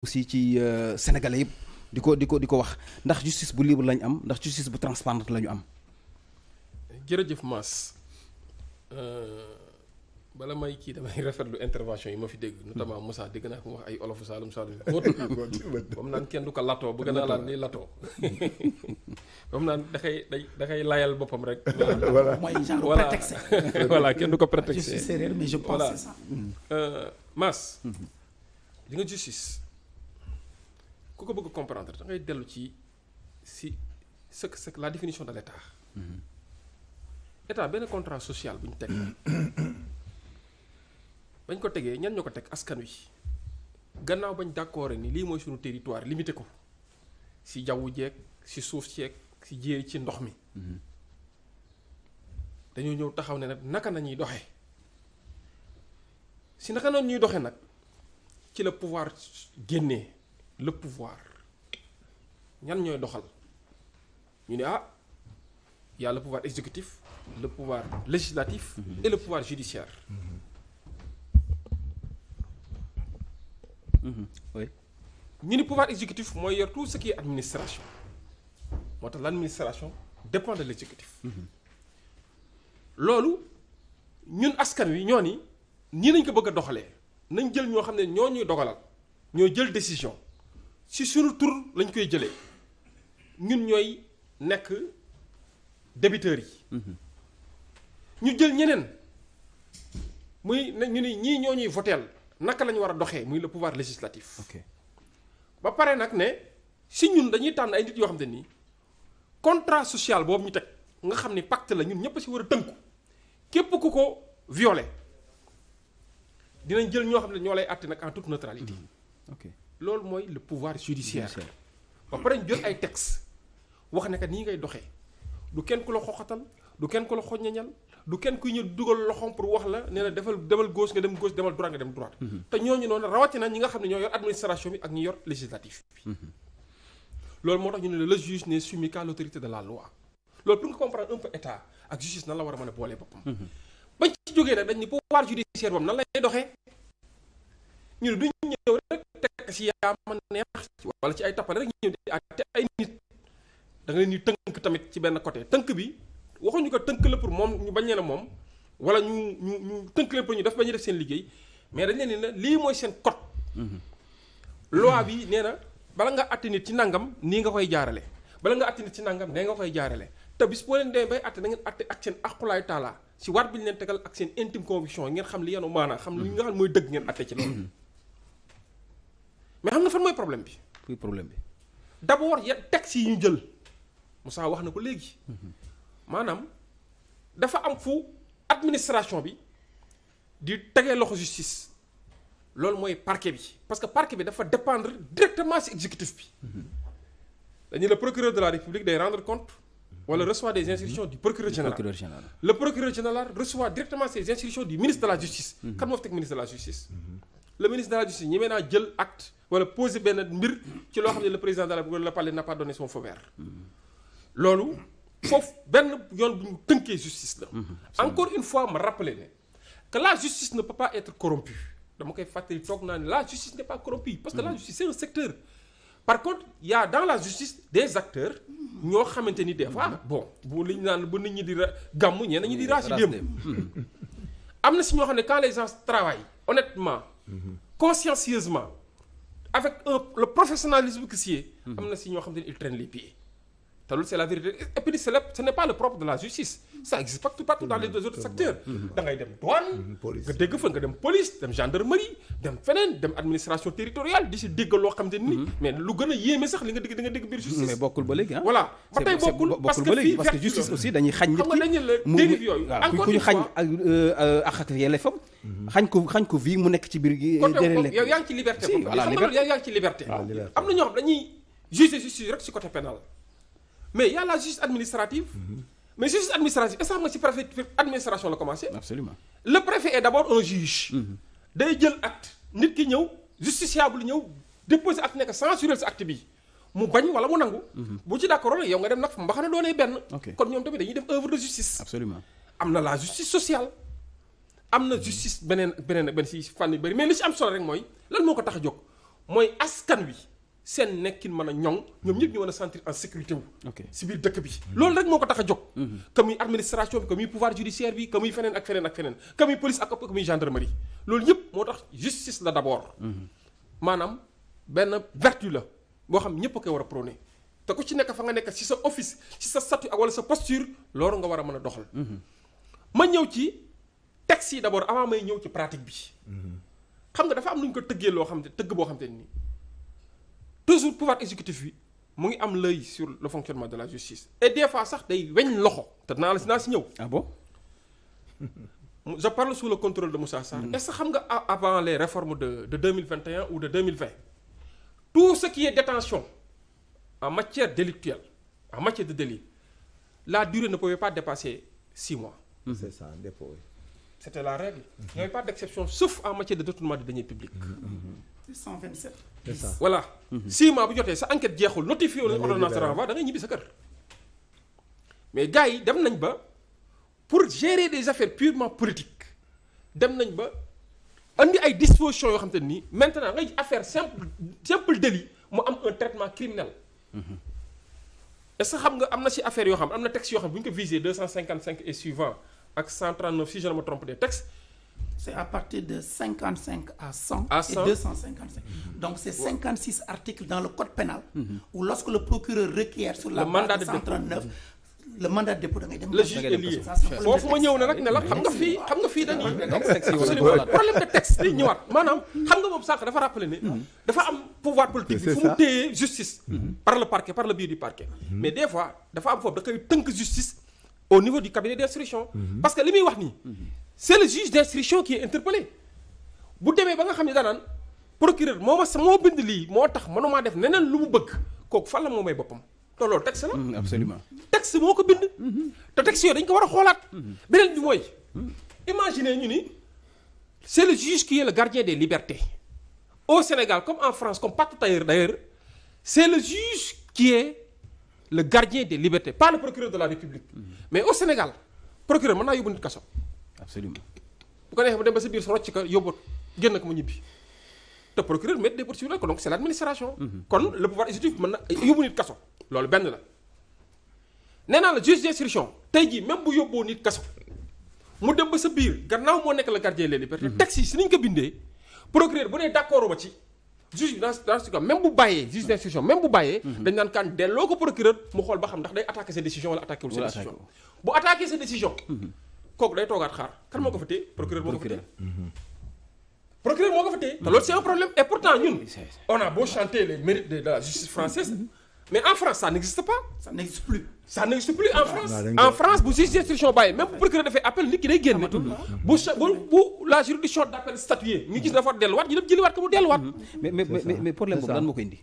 aussi ci euh, sénégalais yëpp di ko di ko di ko wax ndax justice bu libre lañ am ndax justice bu transparente la ñu am. jërëjëf Mass euh, bala may kii damay rafetlu intervention yi ma fi dégg. notamment Moussa dégg naa ko wax ay olofu Saalum Saalum. moom naan kenn du ko latoo bëgg naa laal ni latoo moom naan da kay da kay layal boppam rek. voilà mooy genre prétexte. voilà kenn du ko prétexte. je suis sérieux mais euh, mm-hmm. di nga justice. ku ko bëgg comprendre da dellu ci si ce que la définition de l'état mm-hmm. état benn contrat sociale bu ñu teg mm-hmm. bañ ko tegee ñan ñoo ko teg askan wi gannaaw bañ d'accord ni lii mooy suñu territoire limité ko si jawwu jeeg si suuf ceeg si jéeri ci ndox mi mm-hmm. dañoo ñëw taxaw ne nag naka nañuy doxe si naka noonu ñuy doxee nag ci la pouvoir génnee le pouvoir ñan ñooy doxal ñu ni ah yàlla a le pouvoir exécutif le pouvoir législatif mhm. et le pouvoir judiciaire mhm. Mhm. oui ñu ni pouvoir exécutif mooy yor tout ce qui est administration moo tax l'administration dépend de l'exécutif loolu ñun askan wi ñoo ni nii nañ ko bëgg a doxalee nañ jël ñoo xam ne ñoo ñuy dogalal ñoo jël décision si suñu tur lañ koy jëlee ñun ñooy nekk débiteurs yi. Mhm. ñu jël ñeneen muy ñu ni ñii ñoo ñuy votel naka lañu war a doxee muy le pouvoir législatif. ba pare nag ne si ñun dañuy tànn ay nit yoo xam ne nii contrat social boobu ñu teg nga xam ni pacte la ñun ñëpp si war a tënku képp ku ko violé dinañ jël ñoo xam ne ñoo lay àtte nag en toute neutralité. Mhm. loolu mooy le pouvoir judiciaire ba pare ñu jël ay textes wax ne que nii ngay doxee du kenn ku la xoxatal du kenn ku la xoññañal du kenn kuy ñëw dugal loxoom pour wax la ne la defal demal goos nga dem gauche demal droit nga dem droit mhm. te ñooñu noonu rawatina ñi nga xam ne ñoo yor administration bi ak ñi yor législatif mhm. loolu moo tax ñu ne le juge n'est soumis qu'à l'autorité de la loi loolu pour nga comprendre un peu état ak justice nan la war a mën a boolee boppam mhm. bañ ci jógee nag dañ ni pouvoir judiciaire boobu na lay doxee ñu ne duñ ñëw rek nekk si yaa ma neex wala ci ay tappale rek ñëw di ay nit da leen di tënk tamit ci benn côté tënk bi waxuñu ko tënk la pour moom ñu bañ leen a moom wala ñu ñu ñu tënk la ñu def ba ñu def seen liggéey mais dañ leen ne lii mooy seen code. Mm-hmm. loi bi nee na bala nga àtte nit ci nangam nii nga koy jaarale bala nga àtte nit ci nangam nee nga koy jaarale te bis boo leen dee bay àtte da àtte ak seen aqulaayu taalaa si waat bi ñu leen tegal ak seen intime conviction ngeen xam li mais xam nga fan mooy problème bi. fuy problème bi. d' abord ya texte yi ñu jël Moussa wax na ko léegi maanaam dafa am fu administration bi di tegee loxo justice loolu mooy parquet bi parce que parquet bi dafa dépendre directement ci exécutif bi dañu le procureur de la république day rendre compte wala reçoit des instructions du procureur général le procureur général reçoit directement ces instructions du ministre de la justice kan moo fi teg ministre de la justice le ministre de la justice ñemee naa jël acte wala posé benn mbir ci loo xam ne le président de la République le n'a pas donné son feu vert loolu foofu benn yoon bu ñu tënkee justice la encore une fois ma rappelé ne que la justice ne peut pas être corrompue dama koy fàttali toog naa ne la justice n'est pas corrompue parce que la mm-hmm. justice c'est un secteur par contre y dans la justice des acteurs ñoo xamante ni des fois mm-hmm. bon bu li ñu naan ba nit ñi di gàmm ñenn ñi di mm-hmm. raasi démb am na si ñoo xam ne quand les gens travaillent honnêtement consciencieusement avec un, le professionnalisme qui s'y est mm-hmm. am na si ñoo xam ne il traîne les pieds te loolu c'est la vérité et puis c'est ce pas le propre de la justice ça existe partout partout dans les autres secteurs mm-hmm. Mm-hmm. da dem douane mm-hmm. nga dégg fa nga dem police dem gendarmerie dem feneen dem administration territoriale di si dégg loo xam ne ni mais lu gën a yéeme sax li nga dégg biir justice bokkul ba léegi ah ba tey bokkul parce que fii parce que justice aussi dañuy xañ nit ki euh, euh, mu nekk ci biir gi yow yaa ngi ci liberté voilà yaa ngi mais y la justice administrative. Mmh. mais justice administrative est-ce que xam nga ci préfet administration la commencé. absolument le préfet est d'abord un juge. Mhm. day jël at nit ki ñëw justiciable ñëw déposer acte nekk censurer sa acte bi mu bañ wala mu nangu. Mhm. bu ci d'accord yow nga dem nag mbaxana doonee benn. kon ñoom tamit dañuy def œuvre de justice. absolument am na la justice sociale. am na justice beneen beneen benn si fànn yu bëri mais li si am solo rek mooy lan moo ko tax a jóg mooy askan wi. seen nekkin mën a ñoŋ ñoom ñëpp ñu mën a sentir en sécurité wu si biir dëkk bi mhm. loolu rek moo ko tax a jóg mhm. que muy administration bi que muy pouvoir judiciaire bi que muy feneen ak feneen ak feneen que muy police ak ëpp que muy gendarmerie loolu yëpp moo tax justice la d'abord mhm. maanaam benn vertu la boo xam ñëpp a koy war a prôné te ku ci nekk fa nga nekk si sa office si sa statut ak wala sa posture loolu nga war a mën a doxal ma ñëw ci texte yi d'abord avant may ñëw ci pratique bi xam nga dafa am lu ko tëggee loo xam ne tëgg boo xam te nii toujours pouvoir exécutif bi mu ngi am l'œil sur le fonctionnement de la justice et des fois sax day weñ loxo te naa la si naa si ñëw. ah bon. je parle sous le contrôle de Moussa Sarr. Mm. est ce xam nga avant les réformes de de deux mille vingt et un ou de deux mille vingt tout ce qui est détention en matière délictuelle en matière de délit la durée ne pouvait pas dépasser six mois. Mm-hmm. c'est ça dépôt. c'était la règle. Mm-hmm. il n'y avait pas d'exception sauf en matière de détournement de deniers 627. c'est ça voilà. 6 mhm. mois bu jotee sa enquête jeexul notifié la ordonnance de ñibbi sa kër. mais gars yi dem nañ ba pour gérer des affaires purement politiques dem nañ ba andi ay dispositions yoo xam te nii maintenant ngay affaire simple simple délit mu am un traitement criminel. Mhm. est-ce que xam nga am na ci affaire yoo xam am na texte yoo xam bu ñu ko visé 255 et suivant ak 139 si je ne me trompe des c'est à partir de 55 à 100 à 100 et 255 donc c'est 56 articles dans le code pénal mm-hmm. où lorsque le procureur requiert sur la base de 139 le mandat de dépôt da ngay dem. le juge est lié foofu ma ñëw ne nag ne xam nga fii xam nga fii dañuy. problème de texte yi maanaam xam nga moom sànq dafa rappelé ne. Mm-hmm. dafa am pouvoir politique fu mu téye justice. Mm-hmm. par le parquet par le biais du parquet. mais des fois dafa am foofu da koy tënk justice au niveau du cabinet que li muy wax nii. c'est le juge d'instruction qui est interpellé bu demee ba nga xam ne danaan procureur moo ma sa moo bind lii moo tax mënumaa def neneen lu mu bëgg kooku fan la moo may boppam te loolu texte la. Mm, absolument texte moo ko bind. Mm-hmm. te texte yooyu dañ ko war a xoolaat. Mm-hmm. beneen bi mooy. Mm-hmm. imaginez ñu ni c'est le juge qui est le gardien des libertés au Sénégal comme en France comme partout ailleurs d'ailleurs c'est le juge qui est le gardien de libertés par le procureur de la République. mais au Sénégal procureur mën naa yóbbu nit kaso. absolument bu ko neexee mu dem ba si biir su rocc ko yóbbu génn ko mu ñibbi te procureur met des poursuites ko donc c' l' administration. Mhm. kon le pouvoir exécutif mën na yóbbu nit kaso. loolu benn la nee naa la juge d' tey jii même bu yóbboo nit kaso mu dem ba sa biir gannaaw moo nekk la gardien des libertés. Mhm. texte yi si ni ko bindee procureur bu nee d' ci. juge bi dans bu bàyyee juge d' instruction bu bàyyee mhm. dañ naan kaan delloo ba xam ndax kooku day toogaat xaar kan moo ko fa téye procureur moo ko fa téye procureur mm-hmm. fa téye te loolu c'est problème et ñun on a beau chanter les de la justice française mm-hmm. mais en France ça n'existe pas ah, en France bu juge d'instruction bàyyi même bu procureur dafay appel nit day génn bu bu la juridiction d'appel statué ñu gis dafa delluwaat ñu dem jëliwaat ko mu delluwaat mm-hmm. mais mais mais problème boobu lan moo ko indi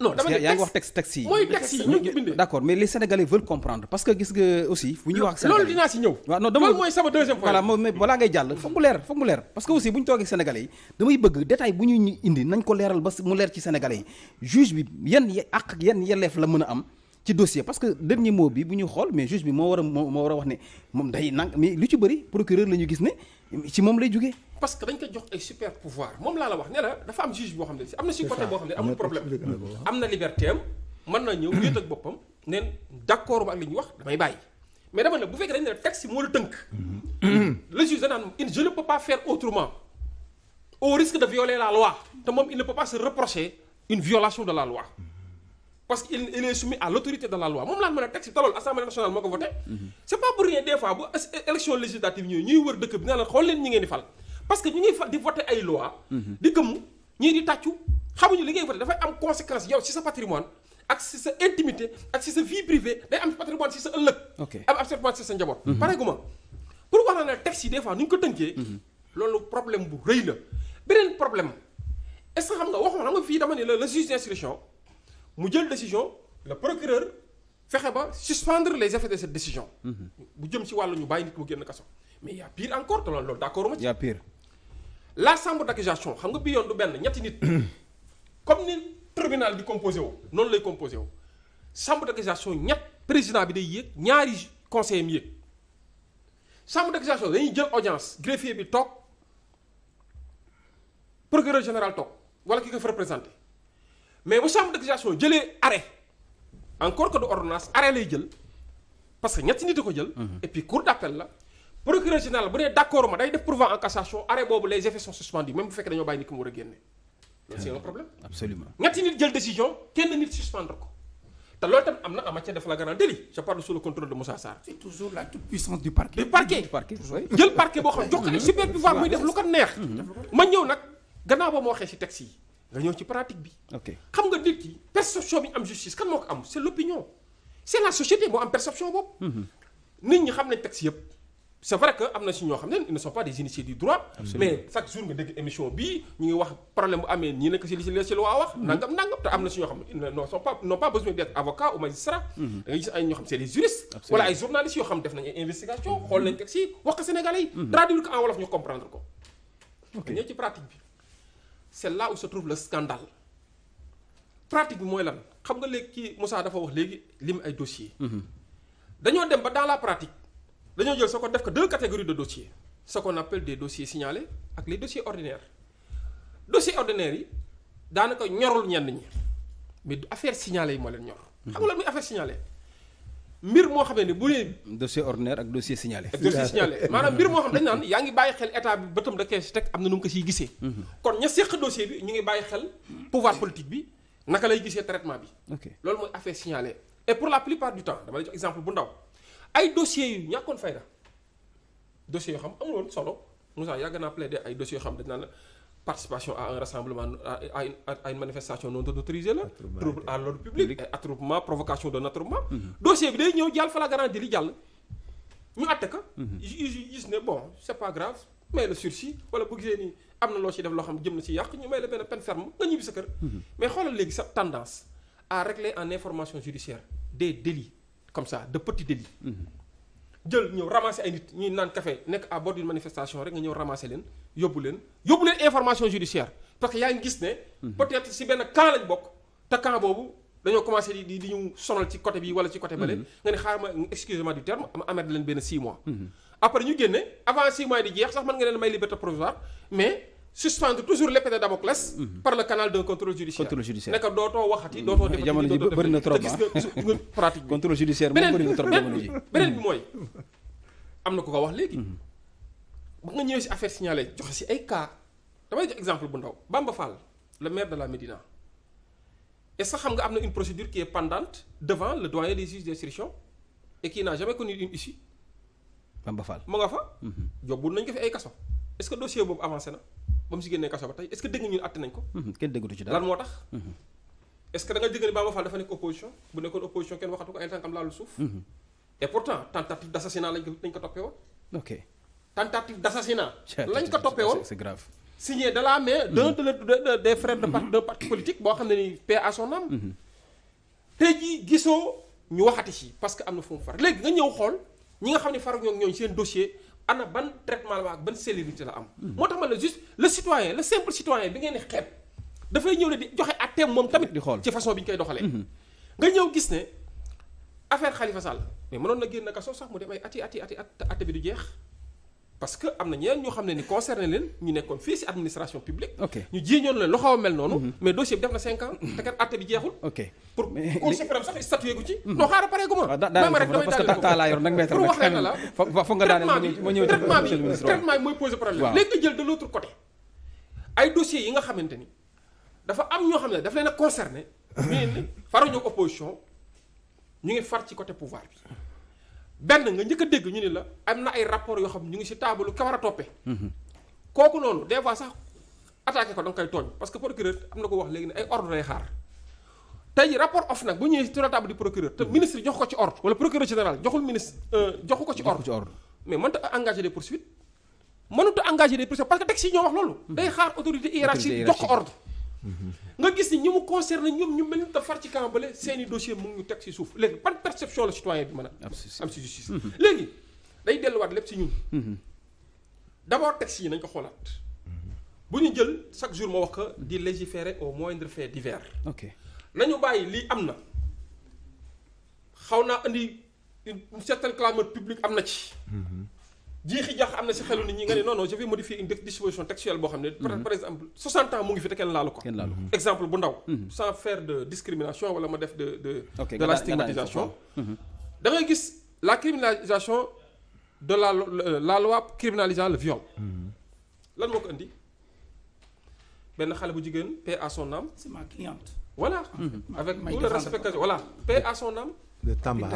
non dama ne yaa ngi wax tax taxi yi mooy taxi yi d'accord mais les sénégalais veulent comprendre parce que gis nga aussi fu ñuy wax sénégalais loolu dinaa si ñëw waaw non dama loolu mooy sama deuxième point balaa ngay jàll foog mu leer foog mu leer parce que aussi bu ñu toogee sénégalais yi damay bëgg détail bu ñu indi nañ ko leeral ba mu leer ci sénégalais yi juge bi yan àq ak yan yelleef la mën a am ci dossier parce que dernier mot bi bu ñu xool mais juge bi moo war a moo war a wax ne moom day nang mais lu ci bëri procureur la ñu gis ne ci moom lay jugee. parce que dañ ko jox ay super pouvoir moom laa la wax ne la dafa am juge boo xam ne si am na si côté boo xam ne amul problème am na liberté am mën na ñëw wéet ak boppam neen d'accord ma ak li wax damay bàyyi mais dama ne bu fekkee dañ ne texte moo la tënk le juge da naan je ne peux pas faire autrement la loi te moom il ne peut pas se reprocher une violation de la loi parce que il est soumis à l'autorité de la moom laa mën a teg si talool assemblée nationale moo ko voté c'est pas que ñu ngi fal di voté ay loi di gëmm ñii di tàccu xamuñu li ngay voté dafay am conséquence yow si sa patrimoine ak si sa intimité ak si sa vie privée day am patrimoine si sa ëllëg am am patrimoine sa njaboot mhm. pare gu ma pour wax na ne texte yi des nu ñu ko tënkee mhm. loolu problème bu rëy la beneen problème est-ce que xam nga waxoon xam fii dama ne la le mu jël décision le procureur fexe ba suspendre les effets de cette décision. Mm-hmm. bu jëm ci wàllu ñu bàyyi nit mu génn kaso. mais y' a pire encore te loolu d' ma ci. y' a pire. la chambre d' xam nga bii yoon du benn ñetti nit. comme ni tribunal di composé wu noonu lay composé wu. chambre d' accusation ñett président bi day yéeg ñaari conseillers mi yéeg. chambre d' dañuy jël audience greffier bi toog procureur général toog wala ki ko fa représenté. mais bu chambre d'accusation jëlee arrêt encore que de ordonnance arrêt lay jël parce que ñetti nit a ko jël. Mhm. et puis cour d'appel la. procureur bu nee d'accord day def pourvoi en cassation boobu les effets sont suspendus même bu fekkee dañoo bàyyi nit ki mu war a génne. c'est un problème. ñetti nit jël décision kenn nit suspendre ko. te loolu tamit am na en matière de flagrant délit de Moussa Sarr. c'est toujours la toute du parquet. du du parquet jël parquet boo xam jox ko ay super pouvoir nga ñëw ci pratique bi. xam nga nit perception bi ñu am justice kan moo ko am c' est l' la société moo am perception boobu. Mhm. nit ñi xam nañ texte yëpp. c' vrai que am na si ñoo xam ne ils ne sont pas des initiés du droit. Absolument. mais chaque jour mhm. ne ils ne sont pas n' ont pas avocat ou magistrat. Mhm. da ngay gis ñoo xam c' est des juristes. ay journalistes yoo xam def nañ ay investigation xool nañ texte yi wax ko Sénégalais yi. traduire ko en wolof ñu comprendre ko. ok ñëw ci pratique bi. c'est là où se trouve le scandale pratique bi mooy lan xam nga léegi kii Moussa dafa wax léegi lim ay dossiers. Mhm. dañoo dem ba dans la pratique dañoo jël soo ko def ko deux catégories de dossiers ce qu'on appelle des dossiers signalés ak les dossiers ordinaires dossiers ordinaire yi daanaka ñorul ñenn ñi mais affaire signalée yi moo leen ñor. xam nga lan muy affaire signalée. mbir moo xamee ne bu ne. dossier ordinaire ak dossier signalé. ak dossier signalé maanaam mbir moo xam dañ naan yaa ngi bàyyi xel état bi bëtam da koy si teg am na nu mu ko siy gisee. Mhm. kon ña seq dossier bi ñu ngi bàyyi xel pouvoir politique bi naka lay gisee traitement bi. ok loolu mooy affaire signalé. et pour la plupart du temps dama lay jox exemple bu ndaw ay dossiers yu ñàkkoon fayda dossiers yoo xam amul woon solo Moussa yàgg naa plaider ay dossiers yoo xam dañ naa la. participation à un rassemblement à une à une manifestation non autorisée la. trouble à l'ordre public eh, attroupement provocation d'un attroupement. Mhm. dossier bi day ñëw jàll flagrant délit jàll. gis mhm. ne bon c'est pas wala bu am na loo ci def loo xam jëm na ci yàq ñu may la benn peine ferme nga ñibbi sa kër. Mhm. mais xoolal léegi sa tendance en information judiciaire des délits comme ça de jël ñëw ramasser ay nit ñuy naan café nekk à bord manifestation rek nga ñëw ramasser leen. yóbbu leen yóbbu leen information judiciaire parce que yaa ngi gis ne. Mhm. peut-être si benn camp lañ bokk te camp boobu dañoo commencé di di ñu sonal ci côté bi wala ci côté bële. Mhm. nga ne xaaral ma excusez du terme am amet leen benn 6 mois. Mhm. après ñu génne avant 6 mois di jeex sax mën nga leen may liberté provisoire mais. suspendre toujours l'épée de Damoclès par le canal d'un contrôle judiciaire contrôle dootoo waxati dootoo defati jamono ji ah. bëri na trop ko ko wax ba nga ñëwee si affaire signalée joxe si ay cas damay jox exemple bu ndaw Bamba Fall le maire de la Médina et sax xam nga am na une procédure qui est pendante devant le doyen des juges d'instruction et qui n'a jamais connu une issue. Bamba Fall mu nga fa. Mhm. yóbbu nañ ko fi ay kaso. est que dossier boobu avancé na ba mu si génnee kaso ba tey est que dégg ñu àtte nañ ko. Mhm, kenn déggatu ci dara lan moo tax. Mhm. est-ce que da nga dégg ne Bamba Fall dafa nekk opposition bu nekkoon opposition kenn waxatu tentative d'assassinat lañ ko toppee woon c'est grave signé de la main d'un de des mm-hmm. de parti d'un boo xam ne ni paix à son âme mm-hmm. tey jii gisoo ñu waxati si parce que am na foofu mu far léegi nga ñëw xool ñi nga xam ne faru ñoom ñooñu seen dossier ana ban traitement la ak ban célébrité la am mm-hmm. moo tax ma la juste le citoyen le simple citoyen bi ngeen di xeeb dafay ñëw ne di joxe atteem moom tamit di xool ci façon bi ñu koy doxalee nga ñëw gis ne affaire Khalifa Sall mais mënoon na génn kaso sax mu dem ay ati ati ati at atte bi du jeex parce que am na ñeneen ñoo xam ne ni concerné leen ñu nekkoon fii ci administration publique. ñu jiiñoon leen lu xaw a mel noonu. Mhm. mais dossier bi def na 5 ans. àtte mhm. bi jeexul. pour cour sax statué gu ci. Mhm. non xaaral pareegu ma. ma rek damay parce ma yi nga xamante ni dafa am ñoo xam ne daf leen a concerné. ñu ne faruñu opposition ñu ngi far ci côté pouvoir bi benn nga njëkk dégg ñu ni la am na ay rapport yoo xam ñu ngi si taabalu ka war a toppee. Mhm. kooku noonu des fois sax attaqué ko da nga koy tooñ parce que procureur am na ko wax léegi ne ay ordre lay xaar tey rapport off nag bu ñëwee si table du procureur te mhm. ministre jox ko ci ordre wala procureur général joxul ministre euh, joxu ko ci ordre mais mënta engagé des poursuites mënut a engagé des poursuites parce que texte yi ñoo wax loolu. Mhm. day xaar autorité hiérarchique jox ko ordre. nga gis ni ñi mu concerné ñoom ñu mel ni da far ci camp bale seen i dossier mu ngi ñu teg si suuf léegi ban perception la citoyen bi mën a am si justice mhm. léegi day delluwaat lépp si ñun mhm. d'abord texte yi nañ ko xoolaat mhm. bu ñu jël chaque jour ma wax ko di légiférer au moindre fait divers ok nañu bàyyi lii am na xaw naa indi une certaine clameur publique am na ci jiixi jaax am na si xelu nit ñi nga ne non non je modifier une disposition textuelle boo xam ne. par mhm. exemple 60 ans mu ngi fi te kenn laalu ko. kenn laalu exemple bu ndaw. Mhm. sans faire de discrimination wala ma def de de. de la stigmatisation. Mhm. gis la criminalisation de la la loi criminalisant le viol. lan moo ko indi benn xale bu jigéen paix à son âme. c'est ma cliente. voilà. avec tout le respect que voilà paix à son de Tamba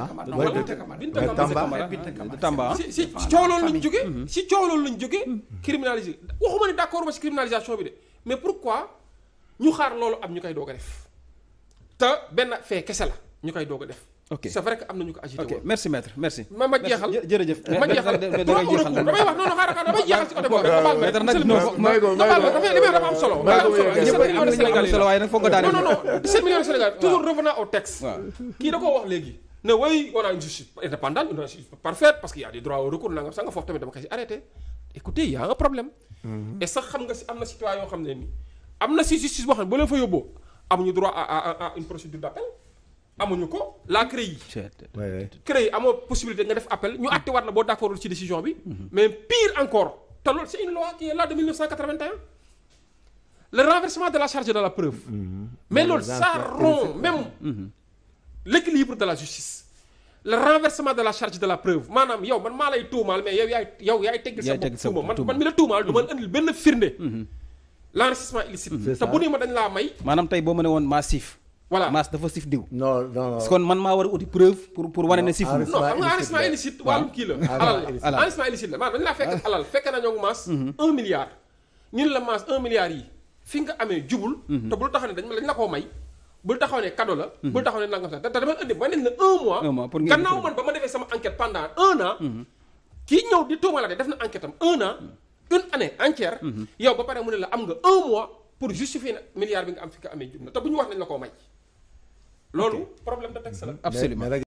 de Tamba si si coow loolu lañ jóge si coow loolu lañ jóge criminalisé waxuma ne d'accord ma si criminalisation bi de mais pourquoi ñu xaar loolu am ñu koy doog a def te benn fee kese la ñu koy doog def ok c'est vrai que am nañu ko agité merci maître merci. ma ma jeexal jërëjëf. ma jeexal trois wax noonu xaaral damay jeexal ci côté boobu rek. nga daane. a nga foofu tamit dama koy arrêté. écoutez y a un problème. Mm-hmm. et sax xam nga am na citoyen xam ne nii am na si justice boo xam ne boo leen fa yóbboo amuñu droit à à procédure d'appel amuñu ko la CREI. CREI amoo possibilité nga def appel ñu àtte war la boo d'accordul ci décision bi. Mhm. mais pire encore te loolu c'est une loi qui est là de de la charge de la preuve. Mhm. mais loolu ça rompt même. Mhm. l'équilibre de la justice. le renversement de la charge de la preuve maanaam yow man maa lay tuumaal mais yow yaay yow yaay teggil sa bopp tuuma man man mi la tuumaal du man indil benn firnde. l'enrichissement illicite. te bu ne ma dañ laa may. maanaam tey boo ma ne woon massif. voilà maas dafa sif diw. non kon man maa war a uti preuve pour pour wane ne sif. non xam nga la. alal la mhm. yi fi nga amee jubul. Mhm. te bul taxaw ne dañ la koo may. taxaw ne cadeau la. Mhm. bul taxaw ne nangam ne la un mois. un mois pour nga gannaaw man am un an. une année entière. yow ba pare mu ne la am nga un mois pour justifier na milliard bi nga am fi nga amee jub na te bu ñu wax nañ la ko may loolu problème de texte la absolument